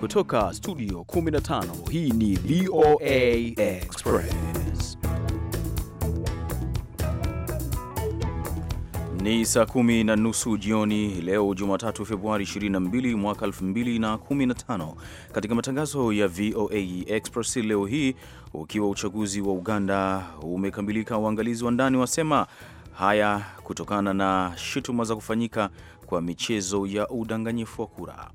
Kutoka studio 15 hii ni VOA Express. Ni saa kumi na nusu jioni leo Jumatatu, Februari 22 mwaka 2015. Katika matangazo ya VOA Express leo hii, ukiwa uchaguzi wa Uganda umekamilika, uangalizi wa ndani wasema haya kutokana na shutuma za kufanyika kwa michezo ya udanganyifu wa kura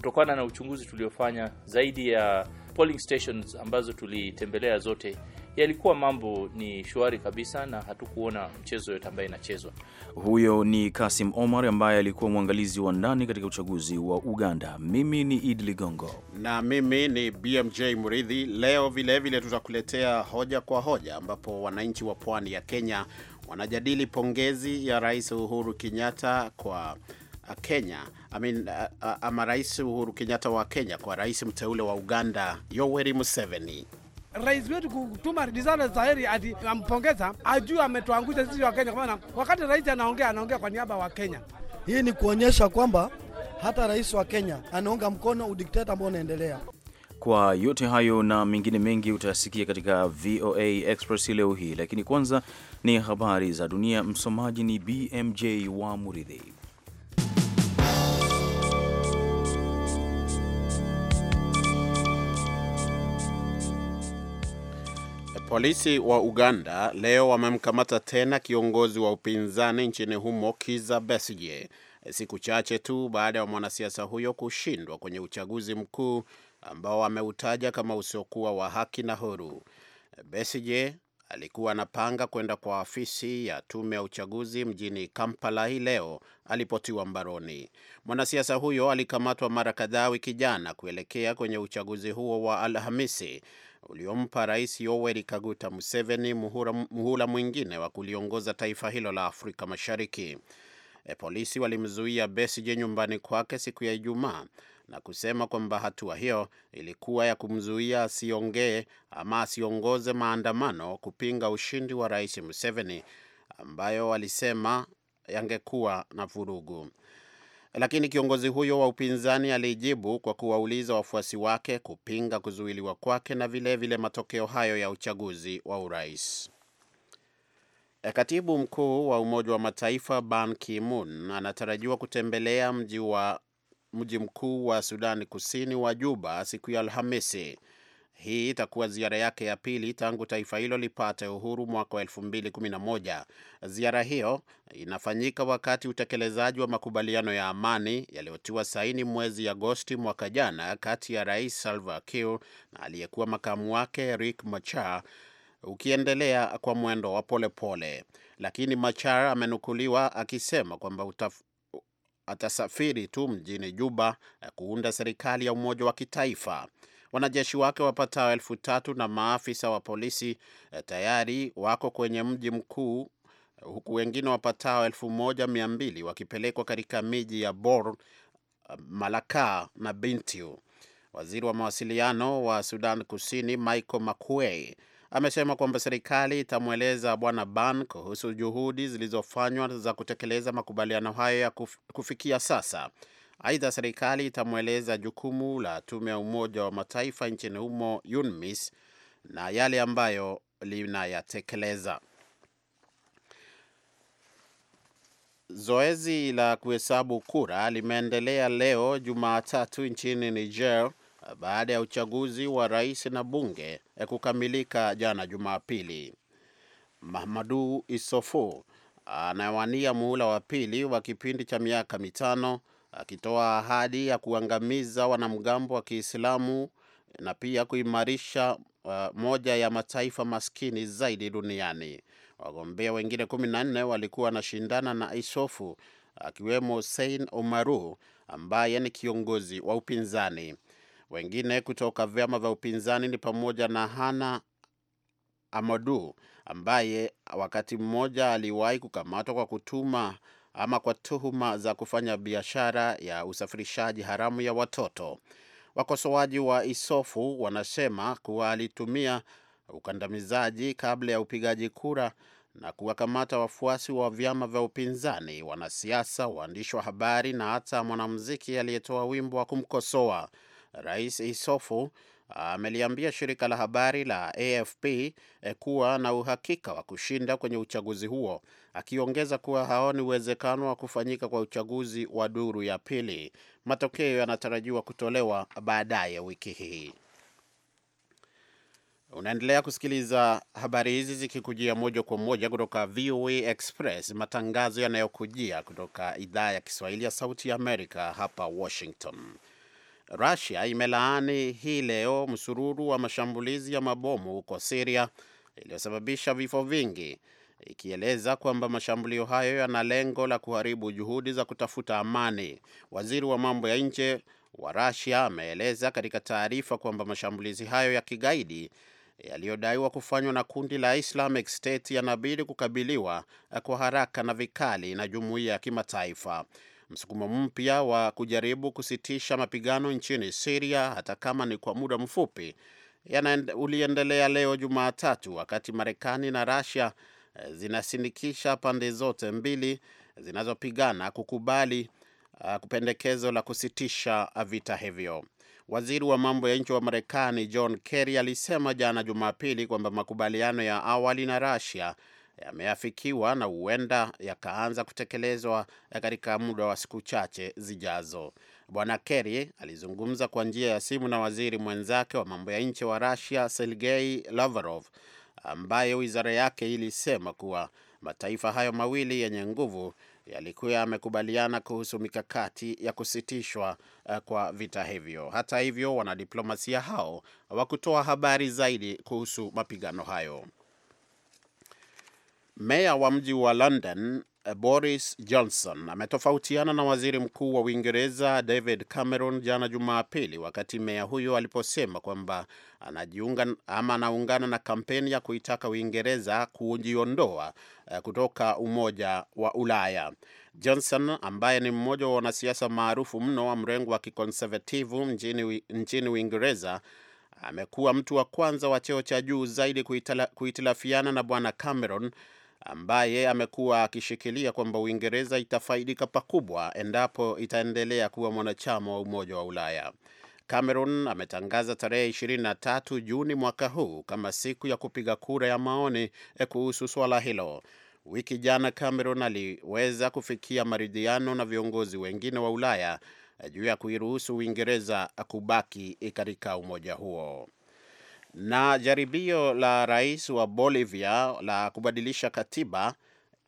kutokana na uchunguzi tuliofanya zaidi ya polling stations ambazo tulitembelea zote yalikuwa mambo ni shwari kabisa na hatukuona mchezo yote ambaye inachezwa. Huyo ni Kasim Omar ambaye alikuwa mwangalizi wa ndani katika uchaguzi wa Uganda. Mimi ni Idi Ligongo na mimi ni BMJ Muridhi. Leo vilevile tutakuletea hoja kwa hoja, ambapo wananchi wa pwani ya Kenya wanajadili pongezi ya Rais Uhuru Kenyatta kwa Kenya I mean, uh, ama Rais Uhuru Kenyatta wa Kenya kwa rais mteule wa Uganda Yoweri Museveni rais wetu kutuma risala za heri ati ampongeza, ajua ametuangusha sisi wa Kenya, kwa maana wakati rais anaongea anaongea kwa niaba wa Kenya. Hii ni kuonyesha kwamba hata rais wa Kenya anaunga mkono udikteta ambao unaendelea. Kwa yote hayo na mengine mengi utayasikia katika VOA Express leo hii, lakini kwanza ni habari za dunia. Msomaji ni BMJ wa Muridhi. Polisi wa Uganda leo wamemkamata tena kiongozi wa upinzani nchini humo Kiza Besige siku chache tu baada ya mwanasiasa huyo kushindwa kwenye uchaguzi mkuu ambao ameutaja kama usiokuwa wa haki na huru. Besige alikuwa anapanga kwenda kwa afisi ya tume ya uchaguzi mjini Kampala hii leo alipotiwa mbaroni. Mwanasiasa huyo alikamatwa mara kadhaa wiki jana kuelekea kwenye uchaguzi huo wa Alhamisi uliompa Rais Yoweri Kaguta Museveni muhula, muhula mwingine wa kuliongoza taifa hilo la Afrika Mashariki. E, polisi walimzuia Besigye nyumbani kwake siku ya Ijumaa na kusema kwamba hatua hiyo ilikuwa ya kumzuia asiongee ama asiongoze maandamano kupinga ushindi wa Rais Museveni ambayo walisema yangekuwa na vurugu lakini kiongozi huyo wa upinzani alijibu kwa kuwauliza wafuasi wake kupinga kuzuiliwa kwake na vilevile vile matokeo hayo ya uchaguzi wa urais. E, katibu mkuu wa Umoja wa Mataifa Ban Ki-moon anatarajiwa kutembelea mji wa mji mkuu wa Sudani Kusini wa Juba siku ya Alhamisi. Hii itakuwa ziara yake ya pili tangu taifa hilo lipate uhuru mwaka wa 2011. Ziara hiyo inafanyika wakati utekelezaji wa makubaliano ya amani yaliyotiwa saini mwezi Agosti mwaka jana kati ya Rais Salva Kiir na aliyekuwa makamu wake Riek Machar ukiendelea kwa mwendo wa polepole, lakini Machar amenukuliwa akisema kwamba utaf atasafiri tu mjini Juba eh, kuunda serikali ya umoja wa kitaifa. Wanajeshi wake wapatao elfu tatu na maafisa wa polisi eh, tayari wako kwenye mji mkuu eh, huku wengine wapatao elfu moja mia mbili wakipelekwa katika miji ya Bor, eh, Malaka na Bintiu. Waziri wa mawasiliano wa Sudan Kusini Michael Makuei amesema kwamba serikali itamweleza Bwana Ban kuhusu juhudi zilizofanywa za kutekeleza makubaliano hayo ya kufikia sasa Aidha, serikali itamweleza jukumu la tume ya Umoja wa Mataifa nchini humo UNMISS na yale ambayo linayatekeleza. Zoezi la kuhesabu kura limeendelea leo Jumatatu nchini Niger baada ya uchaguzi wa rais na bunge ya kukamilika jana Jumapili. Mahamadu isofu anawania muhula wa pili wa kipindi cha miaka mitano akitoa ahadi ya kuangamiza wanamgambo wa Kiislamu na pia kuimarisha uh, moja ya mataifa maskini zaidi duniani. Wagombea wengine kumi na nne walikuwa wanashindana na Isofu akiwemo Sein Omaru ambaye ni kiongozi wa upinzani. Wengine kutoka vyama vya upinzani ni pamoja na Hana Amadu ambaye wakati mmoja aliwahi kukamatwa kwa kutuma ama kwa tuhuma za kufanya biashara ya usafirishaji haramu ya watoto. Wakosoaji wa Isofu wanasema kuwa alitumia ukandamizaji kabla ya upigaji kura na kuwakamata wafuasi wa vyama vya upinzani, wanasiasa, waandishi wa habari na hata mwanamuziki aliyetoa wimbo wa kumkosoa Rais Isofu. Ameliambia shirika la habari la AFP eh, kuwa na uhakika wa kushinda kwenye uchaguzi huo akiongeza kuwa haoni uwezekano wa kufanyika kwa uchaguzi wa duru ya pili. Matokeo yanatarajiwa kutolewa baadaye wiki hii. Unaendelea kusikiliza habari hizi zikikujia moja kwa moja kutoka VOA Express, matangazo yanayokujia kutoka idhaa ya Kiswahili ya Sauti ya Amerika hapa Washington. Russia imelaani hii leo msururu wa mashambulizi ya mabomu huko siria iliyosababisha vifo vingi ikieleza kwamba mashambulio hayo yana lengo la kuharibu juhudi za kutafuta amani. Waziri wa mambo ya nje wa Russia ameeleza katika taarifa kwamba mashambulizi hayo ya kigaidi yaliyodaiwa kufanywa na kundi la Islamic State yanabidi kukabiliwa kwa haraka na vikali na jumuiya ya kimataifa. Msukumo mpya wa kujaribu kusitisha mapigano nchini Syria hata kama ni kwa muda mfupi uliendelea leo Jumatatu, wakati Marekani na Russia zinasindikisha pande zote mbili zinazopigana kukubali uh, ah, pendekezo la kusitisha vita hivyo. Waziri wa mambo ya nje wa Marekani John Kerry alisema jana Jumapili kwamba makubaliano ya awali na Russia yameafikiwa na huenda yakaanza kutekelezwa ya katika muda wa siku chache zijazo. Bwana Kerry alizungumza kwa njia ya simu na waziri mwenzake wa mambo ya nje wa Russia Sergei Lavrov ambaye wizara yake ilisema kuwa mataifa hayo mawili yenye nguvu yalikuwa yamekubaliana kuhusu mikakati ya kusitishwa eh, kwa vita hivyo. Hata hivyo, wanadiplomasia hao hawakutoa habari zaidi kuhusu mapigano hayo. Meya wa mji wa London Boris Johnson ametofautiana na waziri mkuu wa Uingereza David Cameron jana Jumapili, wakati meya huyo aliposema kwamba anajiunga ama anaungana na kampeni ya kuitaka Uingereza kujiondoa eh, kutoka Umoja wa Ulaya. Johnson ambaye ni mmoja wa wanasiasa maarufu mno wa mrengo wa kikonservativu nchini, nchini Uingereza amekuwa mtu wa kwanza wa cheo cha juu zaidi kuhitilafiana na bwana Cameron ambaye amekuwa akishikilia kwamba Uingereza itafaidika pakubwa endapo itaendelea kuwa mwanachama wa Umoja wa Ulaya. Cameron ametangaza tarehe 23 Juni mwaka huu kama siku ya kupiga kura ya maoni eh, kuhusu swala hilo. Wiki jana Cameron aliweza kufikia maridhiano na viongozi wengine wa Ulaya eh, juu ya kuiruhusu Uingereza kubaki eh, katika umoja huo na jaribio la rais wa Bolivia la kubadilisha katiba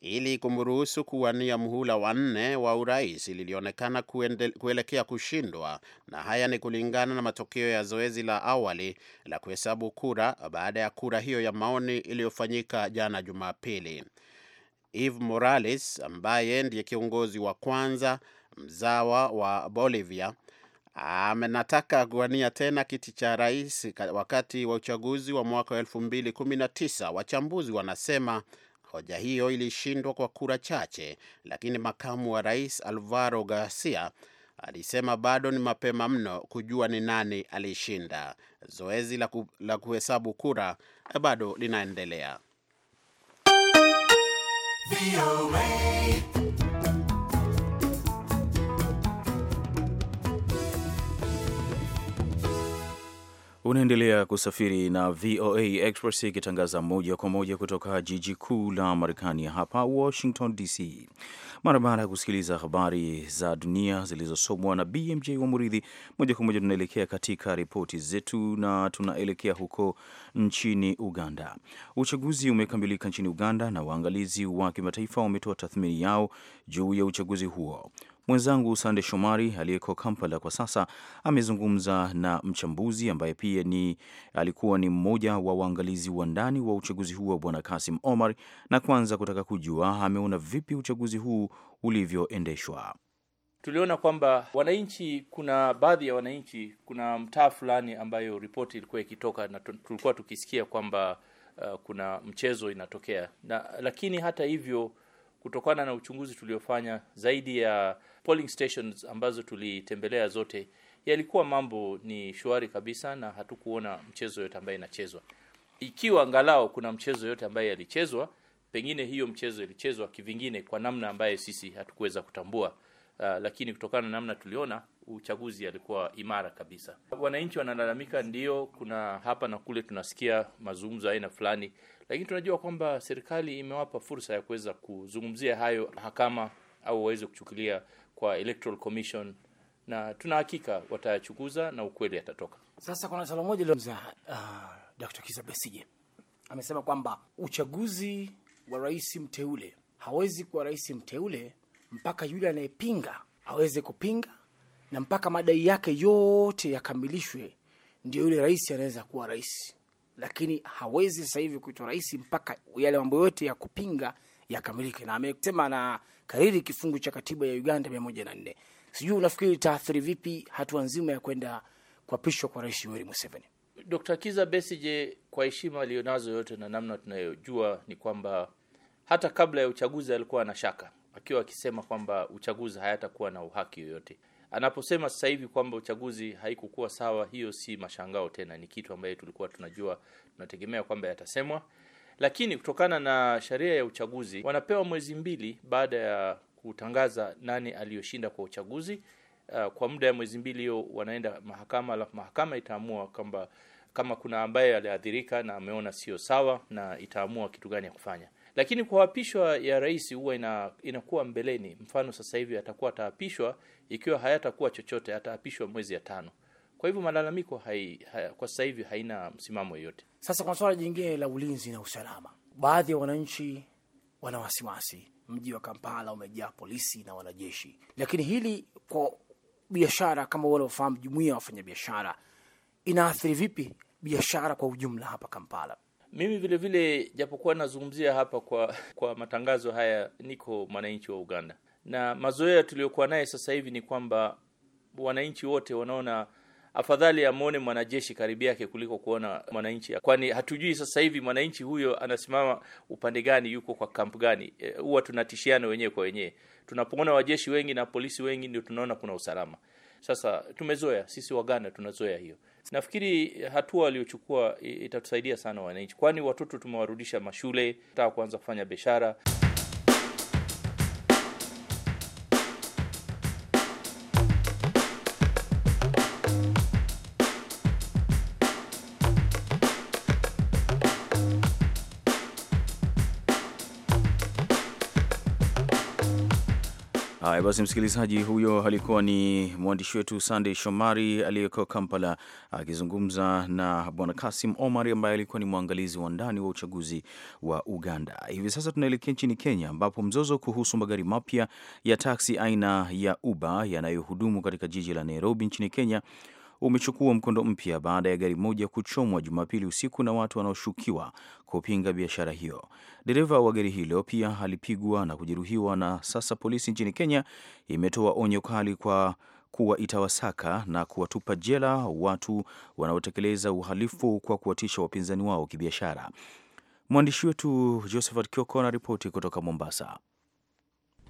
ili kumruhusu kuwania mhula wa nne wa urais lilionekana kuelekea kushindwa, na haya ni kulingana na matokeo ya zoezi la awali la kuhesabu kura baada ya kura hiyo ya maoni iliyofanyika jana Jumapili. Eve Morales ambaye ndiye kiongozi wa kwanza mzawa wa Bolivia amenataka kuwania tena kiti cha rais wakati wa uchaguzi wa mwaka wa tisa. Wachambuzi wanasema hoja hiyo ilishindwa kwa kura chache, lakini makamu wa rais Alvaro Garcia alisema bado ni mapema mno kujua ni nani alishinda. Zoezi la, ku, la kuhesabu kura eh, bado linaendelea. Unaendelea kusafiri na VOA Express ikitangaza moja kwa moja kutoka jiji kuu la Marekani hapa Washington DC. Mara baada ya kusikiliza habari za dunia zilizosomwa na BMJ wa Muridhi, moja kwa moja tunaelekea katika ripoti zetu na tunaelekea huko nchini Uganda. Uchaguzi umekamilika nchini Uganda na waangalizi wa kimataifa wametoa tathmini yao juu ya uchaguzi huo. Mwenzangu Sande Shomari aliyeko Kampala kwa sasa amezungumza na mchambuzi ambaye pia ni alikuwa ni mmoja wa waangalizi wa ndani wa uchaguzi huu wa Bwana Kasim Omar, na kwanza kutaka kujua ameona vipi uchaguzi huu ulivyoendeshwa. Tuliona kwamba wananchi, kuna baadhi ya wananchi, kuna mtaa fulani ambayo ripoti ilikuwa ikitoka na tulikuwa tukisikia kwamba uh, kuna mchezo inatokea na, lakini hata hivyo kutokana na uchunguzi tuliofanya zaidi ya polling stations ambazo tulitembelea zote, yalikuwa mambo ni shwari kabisa, na hatukuona mchezo yote ambaye inachezwa. Ikiwa angalau kuna mchezo yote ambaye yalichezwa, pengine hiyo mchezo ilichezwa kivingine kwa namna ambayo sisi hatukuweza kutambua. Uh, lakini kutokana na namna tuliona uchaguzi alikuwa imara kabisa. Wananchi wanalalamika, ndio kuna hapa na kule tunasikia mazungumzo aina fulani, lakini tunajua kwamba serikali imewapa fursa ya kuweza kuzungumzia hayo mahakama au waweze kuchukulia kwa Electoral Commission na tuna hakika watayachukuza na ukweli atatoka. Sasa kuna swala moja leo uh, ah, Dr. Kizza besije amesema kwamba uchaguzi wa rais mteule hawezi kuwa rais mteule mpaka yule anayepinga aweze kupinga na mpaka madai yake yote yakamilishwe, ndio yule rais anaweza kuwa rais lakini hawezi sasa hivi kuitwa rais mpaka yale mambo yote ya kupinga yakamilike, na amesema na kariri kifungu cha katiba ya Uganda mia moja na nne. Sijui unafikiri itaathiri vipi hatua nzima ya kwenda kuapishwa kwa rais Yoweri Museveni? Dr. Kiza Besije, kwa heshima aliyonazo yote na namna tunayojua ni kwamba hata kabla ya uchaguzi alikuwa na shaka, akiwa akisema kwamba uchaguzi hayatakuwa na uhaki yoyote. Anaposema sasa hivi kwamba uchaguzi haikukuwa sawa, hiyo si mashangao tena, ni kitu ambaye tulikuwa tunajua, tunategemea kwamba yatasemwa, lakini kutokana na sheria ya uchaguzi wanapewa mwezi mbili baada ya kutangaza nani aliyoshinda kwa uchaguzi. Uh, Kwa muda ya mwezi mbili hiyo wanaenda mahakama, alafu mahakama itaamua kwamba kama kuna ambaye aliathirika na ameona sio sawa, na itaamua kitu gani ya kufanya. Lakini kwa apishwa ya rais huwa ina, inakuwa mbeleni. Mfano sasa hivi atakuwa ataapishwa ikiwa hayatakuwa chochote ataapishwa mwezi ya tano. Kwa hivyo malalamiko hai, hai, kwa sasa hivi haina msimamo yoyote. Sasa kwa swala jingine la ulinzi na usalama, baadhi ya wananchi wana wasiwasi, mji wa Kampala umejaa polisi na wanajeshi, lakini hili kwa biashara kama wanavyofahamu, jumuia ya wafanyabiashara inaathiri vipi biashara kwa ujumla hapa Kampala? Mimi vilevile vile japokuwa nazungumzia hapa kwa, kwa matangazo haya, niko mwananchi wa Uganda na mazoea tuliyokuwa naye sasa hivi ni kwamba wananchi wote wanaona afadhali amwone mwanajeshi karibu yake kuliko kuona mwananchi, kwani hatujui sasa hivi mwananchi huyo anasimama upande gani, yuko kwa kampu gani. E, huwa e, tunatishiana wenyewe kwa wenyewe. Tunapoona wajeshi wengi na polisi wengi, ndio tunaona kuna usalama. Sasa tumezoea sisi Waganda, tunazoea hiyo. Nafikiri hatua waliochukua itatusaidia sana wananchi, kwani watoto tumewarudisha mashule, taka kuanza kufanya biashara. Haya basi, msikilizaji, huyo alikuwa ni mwandishi wetu Sandey Shomari aliyeko Kampala akizungumza na bwana Kasim Omar ambaye alikuwa ni mwangalizi wa ndani wa uchaguzi wa Uganda. Hivi sasa tunaelekea nchini Kenya ambapo mzozo kuhusu magari mapya ya taksi aina ya Uber yanayohudumu katika jiji la Nairobi nchini Kenya umechukua mkondo mpya baada ya gari moja kuchomwa Jumapili usiku na watu wanaoshukiwa kupinga biashara hiyo. Dereva wa gari hilo pia alipigwa na kujeruhiwa, na sasa polisi nchini Kenya imetoa onyo kali kwa kuwa itawasaka na kuwatupa jela watu wanaotekeleza uhalifu kwa kuwatisha wapinzani wao kibiashara. Mwandishi wetu Josephat Kioko anaripoti kutoka Mombasa.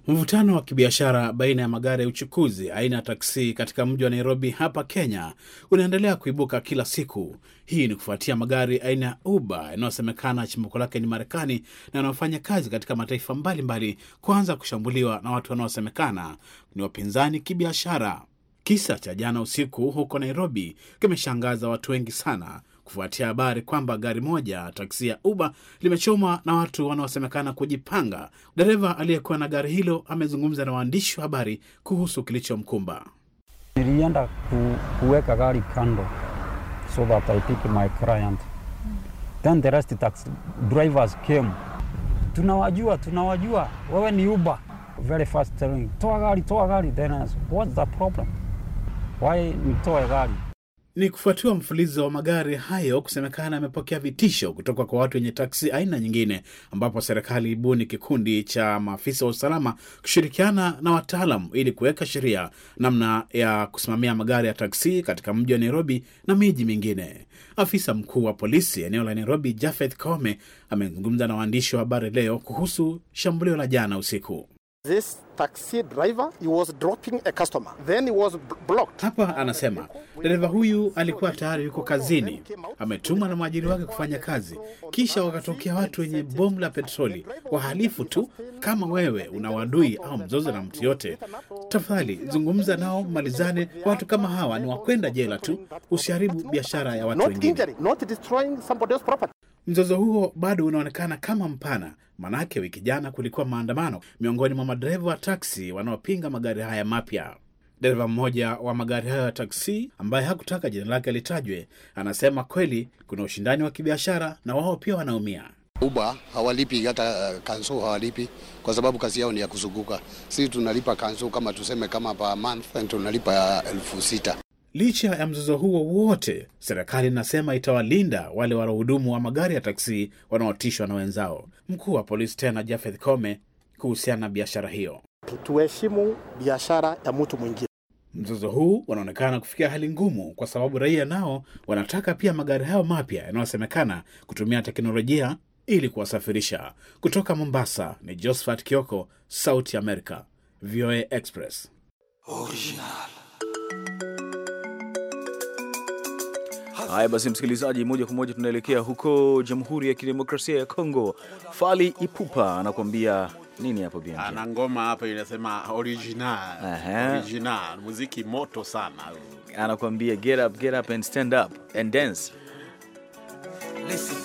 Mvutano wa kibiashara baina ya magari ya uchukuzi aina ya taksi katika mji wa Nairobi hapa Kenya unaendelea kuibuka kila siku. Hii ni kufuatia magari aina ya Uber yanayosemekana chimbuko lake ni Marekani na yanayofanya kazi katika mataifa mbalimbali kuanza kushambuliwa na watu wanaosemekana ni wapinzani kibiashara. Kisa cha jana usiku huko Nairobi kimeshangaza watu wengi sana, kufuatia habari kwamba gari moja taksi ya uba limechomwa na watu wanaosemekana kujipanga. Dereva aliyekuwa na gari hilo amezungumza na waandishi wa habari kuhusu kilichomkumba. Nilienda ku, kuweka gari kando so that I pick my client. Then the rest tax drivers came. Tunawajua, tunawajua, wewe ni uba Very fast telling, toa gari, toa gari. Then I what's the problem? Why nitoe gari? Ni kufuatiwa mfulizo wa magari hayo kusemekana amepokea vitisho kutoka kwa watu wenye taksi aina nyingine, ambapo serikali ibuni kikundi cha maafisa wa usalama kushirikiana na wataalam ili kuweka sheria namna ya kusimamia magari ya taksi katika mji wa Nairobi na miji mingine. Afisa mkuu wa polisi eneo la Nairobi, Jafeth Kome, amezungumza na waandishi wa habari leo kuhusu shambulio la jana usiku. Hapa anasema dereva huyu alikuwa tayari yuko kazini, ametumwa na mwajiri wake kufanya kazi, kisha wakatokea watu wenye bomu la petroli, wahalifu tu. Kama wewe una wadui au mzozo na mtu yote, tafadhali zungumza nao, malizane. Watu kama hawa ni wakwenda jela tu, usiharibu biashara ya watu wengine. Mzozo huo bado unaonekana kama mpana, manake wiki jana kulikuwa maandamano miongoni mwa madereva wa taksi wanaopinga magari haya mapya. Dereva mmoja wa magari hayo ya taksi ambaye hakutaka jina lake litajwe, anasema kweli kuna ushindani wa kibiashara na wao pia wanaumia. Uba hawalipi hata eh, kanso hawalipi, kwa sababu kazi yao ni ya kuzunguka. Sisi tunalipa kanso kama tuseme, kama pa month tunalipa eh, elfu sita. Licha ya mzozo huo wote, serikali inasema itawalinda wale wanaohudumu wa magari ya taksi wanaotishwa na wenzao. Mkuu wa polisi tena Jafeth Kome kuhusiana na biashara hiyo, tuheshimu biashara ya mtu mwingine. Mzozo huu wanaonekana kufikia hali ngumu kwa sababu raia nao wanataka pia magari hayo mapya yanayosemekana kutumia teknolojia ili kuwasafirisha. Kutoka Mombasa ni Josephat Kioko, Sauti America, VOA Express Original. Haya basi, msikilizaji, moja kwa moja tunaelekea huko Jamhuri ya Kidemokrasia ya Kongo. Fali Ipupa anakuambia nini hapo BMJ? Ana ngoma hapo inasema original. Original, muziki moto sana. Anakuambia get up, get up and stand up and dance. Listen,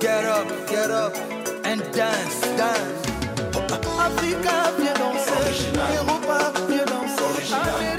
Get up, get up. and dance, dance. Africa, viens danser. Europa, viens danser.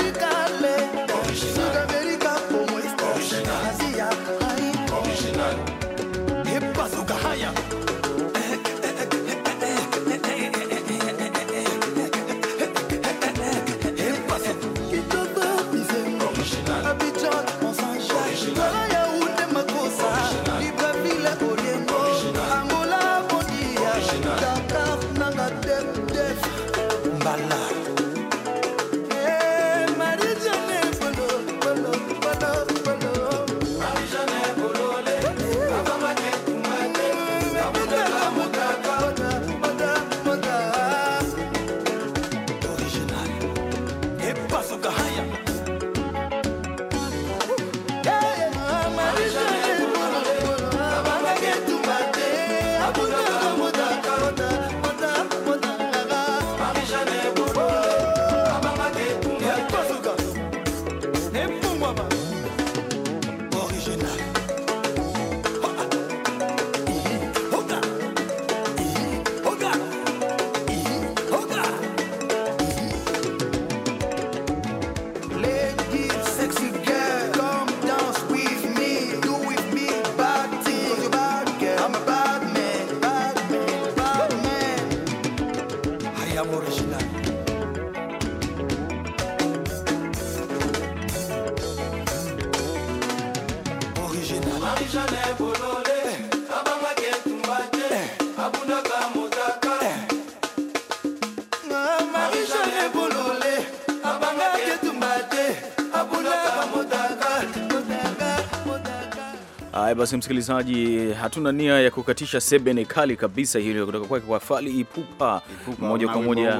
basi msikilizaji, hatuna nia ya kukatisha sebene kali kabisa hilo kutoka kwake kwa Fali Ipupa. Moja kwa moja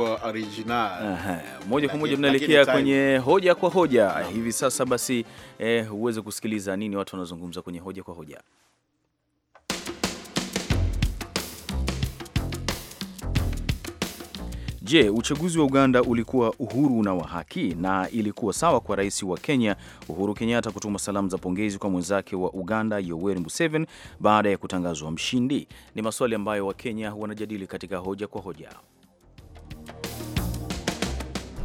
moja kwa moja tunaelekea kwenye hoja kwa hoja hivi sasa. Basi eh, uweze kusikiliza nini watu wanazungumza kwenye hoja kwa hoja. Je, uchaguzi wa Uganda ulikuwa uhuru na wa haki na ilikuwa sawa kwa rais wa Kenya Uhuru Kenyatta kutuma salamu za pongezi kwa mwenzake wa Uganda Yoweri Museveni baada ya kutangazwa mshindi? Ni maswali ambayo Wakenya wanajadili katika hoja kwa hoja.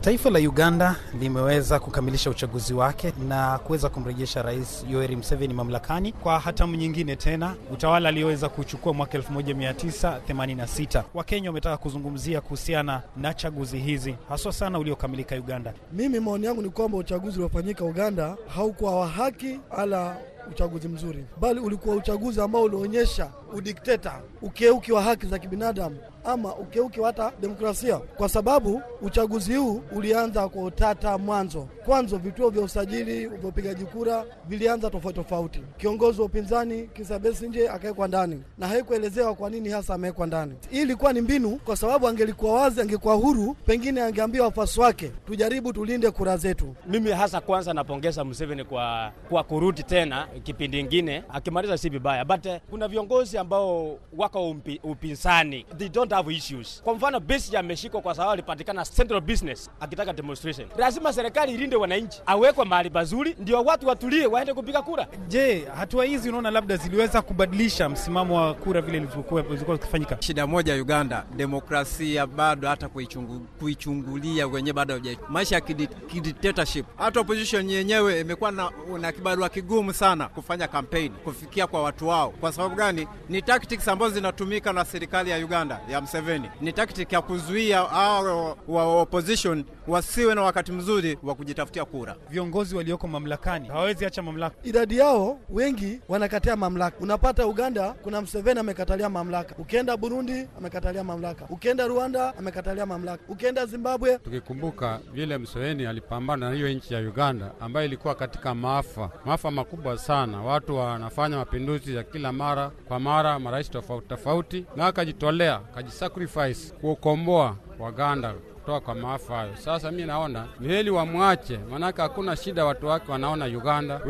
Taifa la Uganda limeweza kukamilisha uchaguzi wake na kuweza kumrejesha Rais yoeri mseveni mamlakani kwa hatamu nyingine tena, utawala alioweza kuchukua mwaka 1986. Wakenya wametaka kuzungumzia kuhusiana na chaguzi hizi haswa sana uliokamilika Uganda. Mimi maoni yangu ni kwamba uchaguzi uliofanyika Uganda haukuwa wa haki ala uchaguzi mzuri, bali ulikuwa uchaguzi ambao ulionyesha udikteta, ukeuki wa haki za kibinadamu ama ukeuke hata demokrasia, kwa sababu uchaguzi huu ulianza kwa utata mwanzo. Kwanza vituo vya usajili vya upigaji kura vilianza tofauti tofauti. Kiongozi wa upinzani Kizza Besigye akawekwa ndani na haikuelezewa kwa nini hasa amewekwa ndani. Hii ilikuwa ni mbinu, kwa sababu angelikuwa wazi, angekuwa huru, pengine angeambia wafuasi wake, tujaribu tulinde kura zetu. Mimi hasa kwanza napongeza Museveni kwa, kwa kurudi tena kipindi ingine akimaliza si vibaya, but eh, kuna viongozi ambao wako upinzani They don't have issues. Kwa mfano Besigye ameshikwa kwa sababu alipatikana central business akitaka demonstration. Lazima serikali ilinde wananchi, awekwe mahali pazuri, ndio watu watulie, waende kupiga kura. Je, hatua hizi unaona labda ziliweza kubadilisha msimamo wa kura vile ilivyokuwa zikifanyika? Shida moja Uganda, demokrasia bado hata kuichungu, kuichungulia wenyewe bado hujai. Maisha ya kidictatorship, hata opposition yenyewe imekuwa na, na kibarua kigumu sana kufanya kampeni kufikia kwa watu wao. Kwa sababu gani? Ni tactics ambazo zinatumika na serikali ya Uganda ya Mseveni. Ni taktik ya kuzuia hao wa opposition wasiwe na wakati mzuri wa kujitafutia kura. Viongozi walioko mamlakani hawawezi acha mamlaka, idadi yao wengi wanakatia mamlaka. Unapata Uganda kuna Mseveni amekatalia mamlaka, ukienda Burundi amekatalia mamlaka, ukienda Rwanda amekatalia mamlaka, ukienda Zimbabwe. Tukikumbuka vile Mseveni alipambana na hiyo nchi ya Uganda ambayo ilikuwa katika maafa maafa makubwa sana, watu wanafanya mapinduzi ya kila mara kwa mara, marais tofauti tofauti, na akajitolea kaji sacrifice kuokomboa Waganda kutoa kwa maafa hayo. Sasa mi naona ni heli wamwache, maanake hakuna shida, watu wake wanaona Uganda.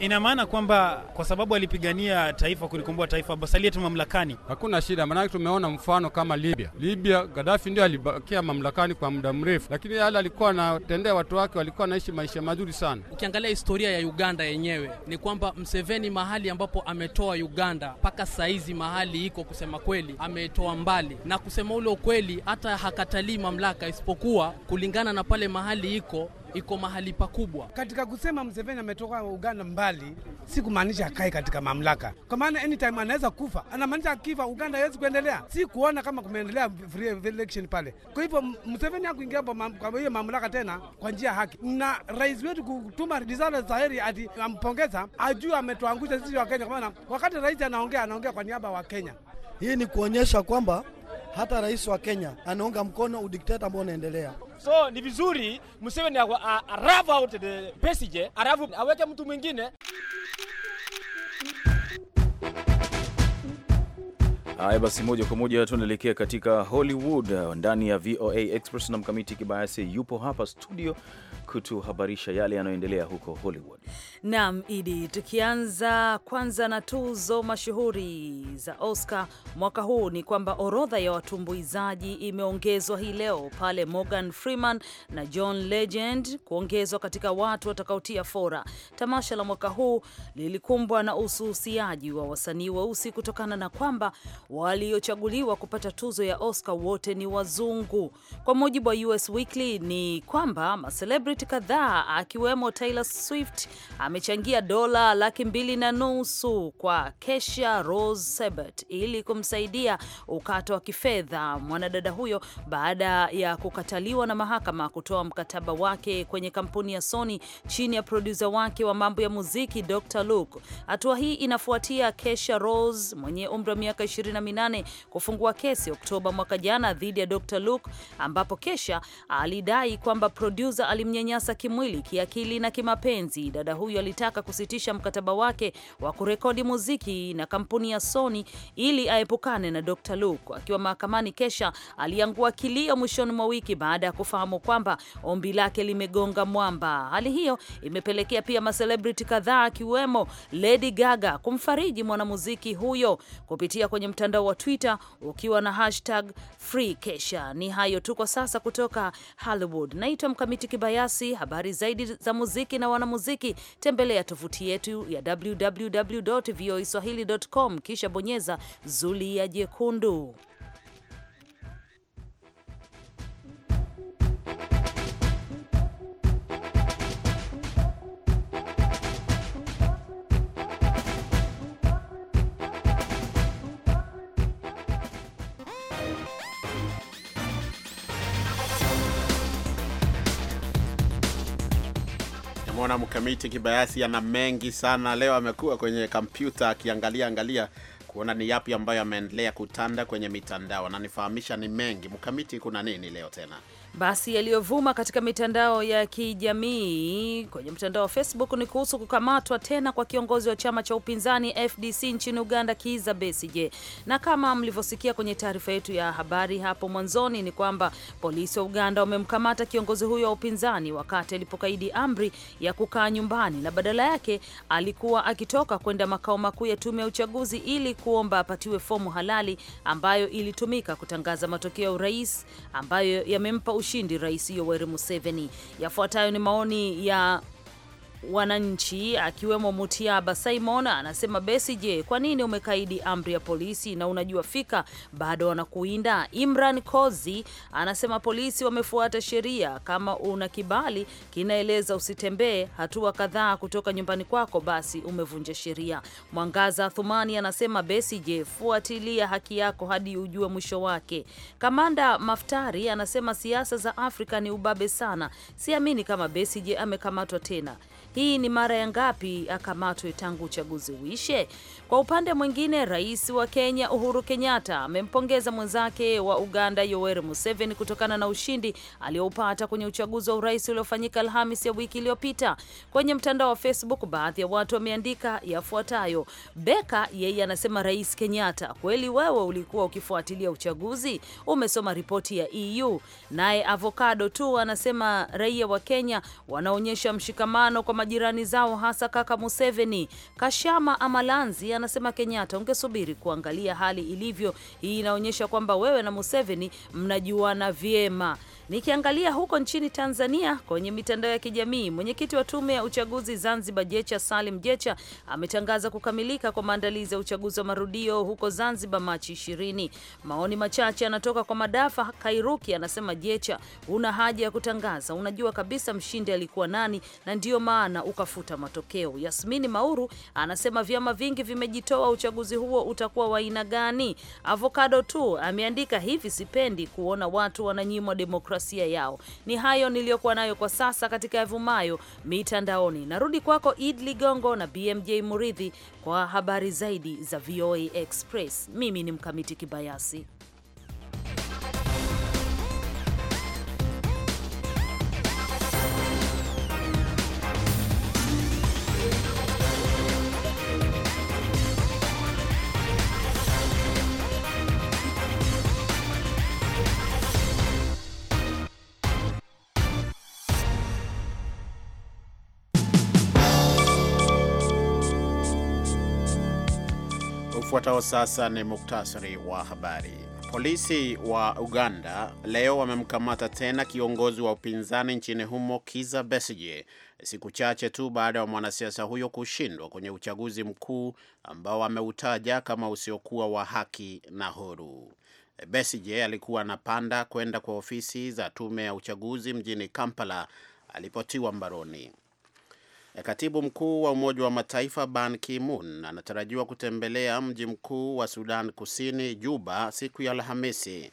Ina maana kwamba kwa sababu alipigania taifa, kulikomboa taifa, basalie tu mamlakani hakuna shida, maanake tumeona mfano kama Libya. Libya Gaddafi ndio alibakia mamlakani kwa muda mrefu, lakini yale alikuwa anatendea watu wake, walikuwa naishi maisha mazuri sana. Ukiangalia historia ya Uganda yenyewe ni kwamba Mseveni mahali ambapo ametoa Uganda mpaka saizi mahali iko, kusema kweli ametoa mbali, na kusema ule ukweli, hata hakatalii mamlaka isipokuwa kulingana na pale mahali iko iko mahali pakubwa. Katika kusema Mseveni ametoka Uganda mbali, si kumaanisha akae katika mamlaka, kwa maana anytime anaweza kufa. Anamaanisha akifa Uganda hawezi kuendelea, si kuona kama kumeendelea free election pale. Kwa hivyo Mseveni akuingia kwa hiyo mamlaka tena kwa njia haki, na rais wetu kutuma risala zaheri ati ampongeza, ajua ametuangusha sisi wa Kenya, kwa maana wakati rais anaongea anaongea kwa niaba wa Kenya. Hii ni kuonyesha kwamba hata rais wa Kenya anaunga mkono udikteta ambao unaendelea. So ni vizuri Museveni arave out the Besigye, alafu aweke mtu mwingine. Haya basi, moja kwa moja tunaelekea katika Hollywood ndani ya VOA Express na Mkamiti Kibayasi yupo hapa studio kutuhabarisha yale yanayoendelea huko Hollywood. Naam, Idi, tukianza kwanza na tuzo mashuhuri za Oscar mwaka huu ni kwamba orodha ya watumbuizaji imeongezwa hii leo pale Morgan Freeman na John Legend kuongezwa katika watu watakaotia fora. Tamasha la mwaka huu lilikumbwa na usuhusiaji wa wasanii weusi wa kutokana na kwamba waliochaguliwa kupata tuzo ya Oscar wote ni wazungu. Kwa mujibu wa US Weekly ni kwamba macelebrity tofauti kadhaa akiwemo Taylor Swift amechangia dola laki mbili na nusu kwa Kesha Rose Sebert ili kumsaidia ukato wa kifedha mwanadada huyo baada ya kukataliwa na mahakama kutoa mkataba wake kwenye kampuni ya Sony chini ya produsa wake wa mambo ya muziki Dr Luke. Hatua hii inafuatia Kesha Rose mwenye umri wa miaka 28 kufungua kesi Oktoba mwaka jana dhidi ya Dr Luke ambapo Kesha alidai kwamba produsa alimnyenya kumnyanyasa kimwili, kiakili na kimapenzi. Dada huyu alitaka kusitisha mkataba wake wa kurekodi muziki na kampuni ya Sony ili aepukane na Dr. Luke. Akiwa mahakamani, Kesha aliangua kilio mwishoni mwa wiki baada ya kufahamu kwamba ombi lake limegonga mwamba. Hali hiyo imepelekea pia maselebriti kadhaa akiwemo Lady Gaga kumfariji mwanamuziki huyo kupitia kwenye mtandao wa Twitter ukiwa na hashtag free Kesha. Ni hayo tu kwa sasa kutoka Hollywood. Naitwa Mkamiti Kibayasi. Jumamosi. Habari zaidi za muziki na wanamuziki, tembelea tovuti yetu ya www voaswahili.com, kisha bonyeza zulia jekundu. Namwona mkamiti kibayasi ana mengi sana leo, amekuwa kwenye kompyuta akiangalia angalia kuona ni yapi ambayo ameendelea kutanda kwenye mitandao, na nifahamisha ni mengi. Mkamiti, kuna nini leo tena? Basi yaliyovuma katika mitandao ya kijamii kwenye mtandao wa Facebook ni kuhusu kukamatwa tena kwa kiongozi wa chama cha upinzani FDC nchini Uganda, Kiza Besije. Na kama mlivyosikia kwenye taarifa yetu ya habari hapo mwanzoni, ni kwamba polisi wa Uganda wamemkamata kiongozi huyo wa upinzani wakati alipokaidi amri ya kukaa nyumbani, na badala yake alikuwa akitoka kwenda makao makuu ya tume ya uchaguzi ili kuomba apatiwe fomu halali ambayo ilitumika kutangaza matokeo ya urais ambayo yamempa ushindi Rais Yoweri Museveni. Yafuatayo ni maoni ya wananchi akiwemo Mutiaba Simon anasema, je, kwa nini umekaidi amri ya polisi na unajua fika bado wanakuinda? Imran Kozi anasema, polisi wamefuata sheria, kama una kibali kinaeleza usitembee hatua kadhaa kutoka nyumbani kwako, basi umevunja sheria. Mwangaza Thumani anasema, je, fuatilia haki yako hadi ujue mwisho wake. Kamanda Maftari anasema, siasa za Afrika ni ubabe sana, siamini kama je amekamatwa tena. Hii ni mara ya ngapi akamatwe tangu uchaguzi uishe? Kwa upande mwingine, rais wa Kenya Uhuru Kenyatta amempongeza mwenzake wa Uganda Yoweri Museveni kutokana na ushindi aliyoupata kwenye uchaguzi wa urais uliofanyika Alhamis ya wiki iliyopita. Kwenye mtandao wa Facebook, baadhi ya watu wameandika yafuatayo. Beka yeye anasema, Rais Kenyatta, kweli wewe ulikuwa ukifuatilia uchaguzi, umesoma ripoti ya EU. Naye avocado tu anasema raia wa Kenya wanaonyesha mshikamano kwa majirani zao hasa kaka Museveni. Kashama Amalanzi anasema, Kenyatta, ungesubiri kuangalia hali ilivyo. Hii inaonyesha kwamba wewe na Museveni mnajuana vyema. Nikiangalia huko nchini Tanzania kwenye mitandao ya kijamii, mwenyekiti wa tume ya uchaguzi Zanzibar Jecha Salim Jecha ametangaza kukamilika kwa maandalizi ya uchaguzi wa marudio huko Zanzibar Machi ishirini. Maoni machache yanatoka kwa Madafa Kairuki, anasema Jecha, una haja ya kutangaza, unajua kabisa mshindi alikuwa nani na ndio maana na ukafuta matokeo. Yasmini Mauru anasema vyama vingi vimejitoa, uchaguzi huo utakuwa wa aina gani? Avocado tu ameandika hivi, sipendi kuona watu wananyimwa demokrasia yao. Ni hayo niliyokuwa nayo kwa sasa katika yavumayo mitandaoni. Narudi kwako Id Ligongo na BMJ Muridhi kwa habari zaidi za VOA Express. Mimi ni Mkamiti Kibayasi. Ufuatao sasa ni muktasari wa habari. Polisi wa Uganda leo wamemkamata tena kiongozi wa upinzani nchini humo Kiza Besige, siku chache tu baada ya mwanasiasa huyo kushindwa kwenye uchaguzi mkuu ambao ameutaja kama usiokuwa wa haki na huru. Besige alikuwa anapanda kwenda kwa ofisi za tume ya uchaguzi mjini Kampala alipotiwa mbaroni. Eh, katibu mkuu wa Umoja wa Mataifa Ban Ki-moon anatarajiwa kutembelea mji mkuu wa Sudan Kusini, Juba, siku ya Alhamisi.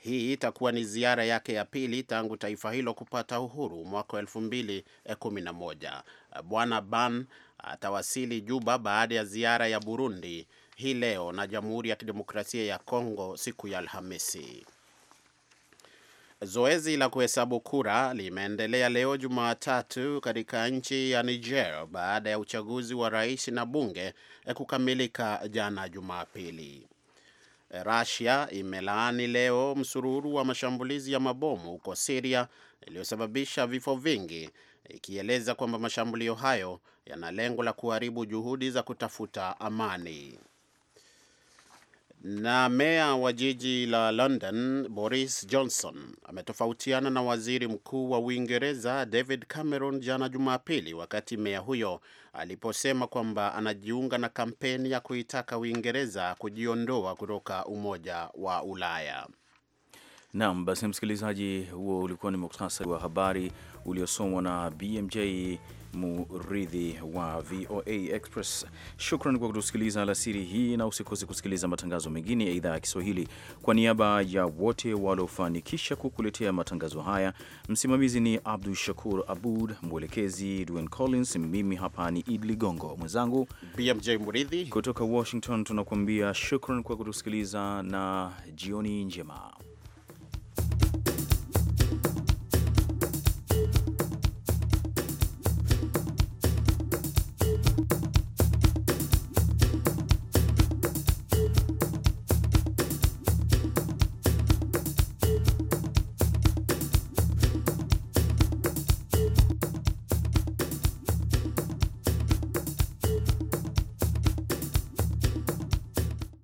Hii itakuwa ni ziara yake ya pili tangu taifa hilo kupata uhuru mwaka 2011. Eh, eh, Bwana Ban atawasili Juba baada ya ziara ya Burundi hii leo na Jamhuri ya Kidemokrasia ya Kongo siku ya Alhamisi. Zoezi la kuhesabu kura limeendelea leo Jumatatu katika nchi ya Niger baada ya uchaguzi wa rais na bunge eh, kukamilika jana Jumapili. Russia imelaani leo msururu wa mashambulizi ya mabomu huko siria iliyosababisha vifo vingi, ikieleza kwamba mashambulio hayo yana lengo la kuharibu juhudi za kutafuta amani. Na meya wa jiji la London Boris Johnson ametofautiana na waziri mkuu wa Uingereza David Cameron jana Jumapili, wakati meya huyo aliposema kwamba anajiunga na kampeni ya kuitaka Uingereza kujiondoa kutoka Umoja wa Ulaya. Naam, basi msikilizaji, huo ulikuwa ni muktasari wa habari uliosomwa na BMJ Muridhi wa VOA Express. Shukran kwa kutusikiliza alasiri hii, na usikose kusikiliza matangazo mengine ya idhaa ya Kiswahili. Kwa niaba ya wote waliofanikisha kukuletea matangazo haya, msimamizi ni Abdu Shakur Abud, mwelekezi Dwayne Collins, mimi hapa ni Id Ligongo, mwenzangu BMJ Muridhi kutoka Washington. Tunakuambia shukran kwa kutusikiliza na jioni njema.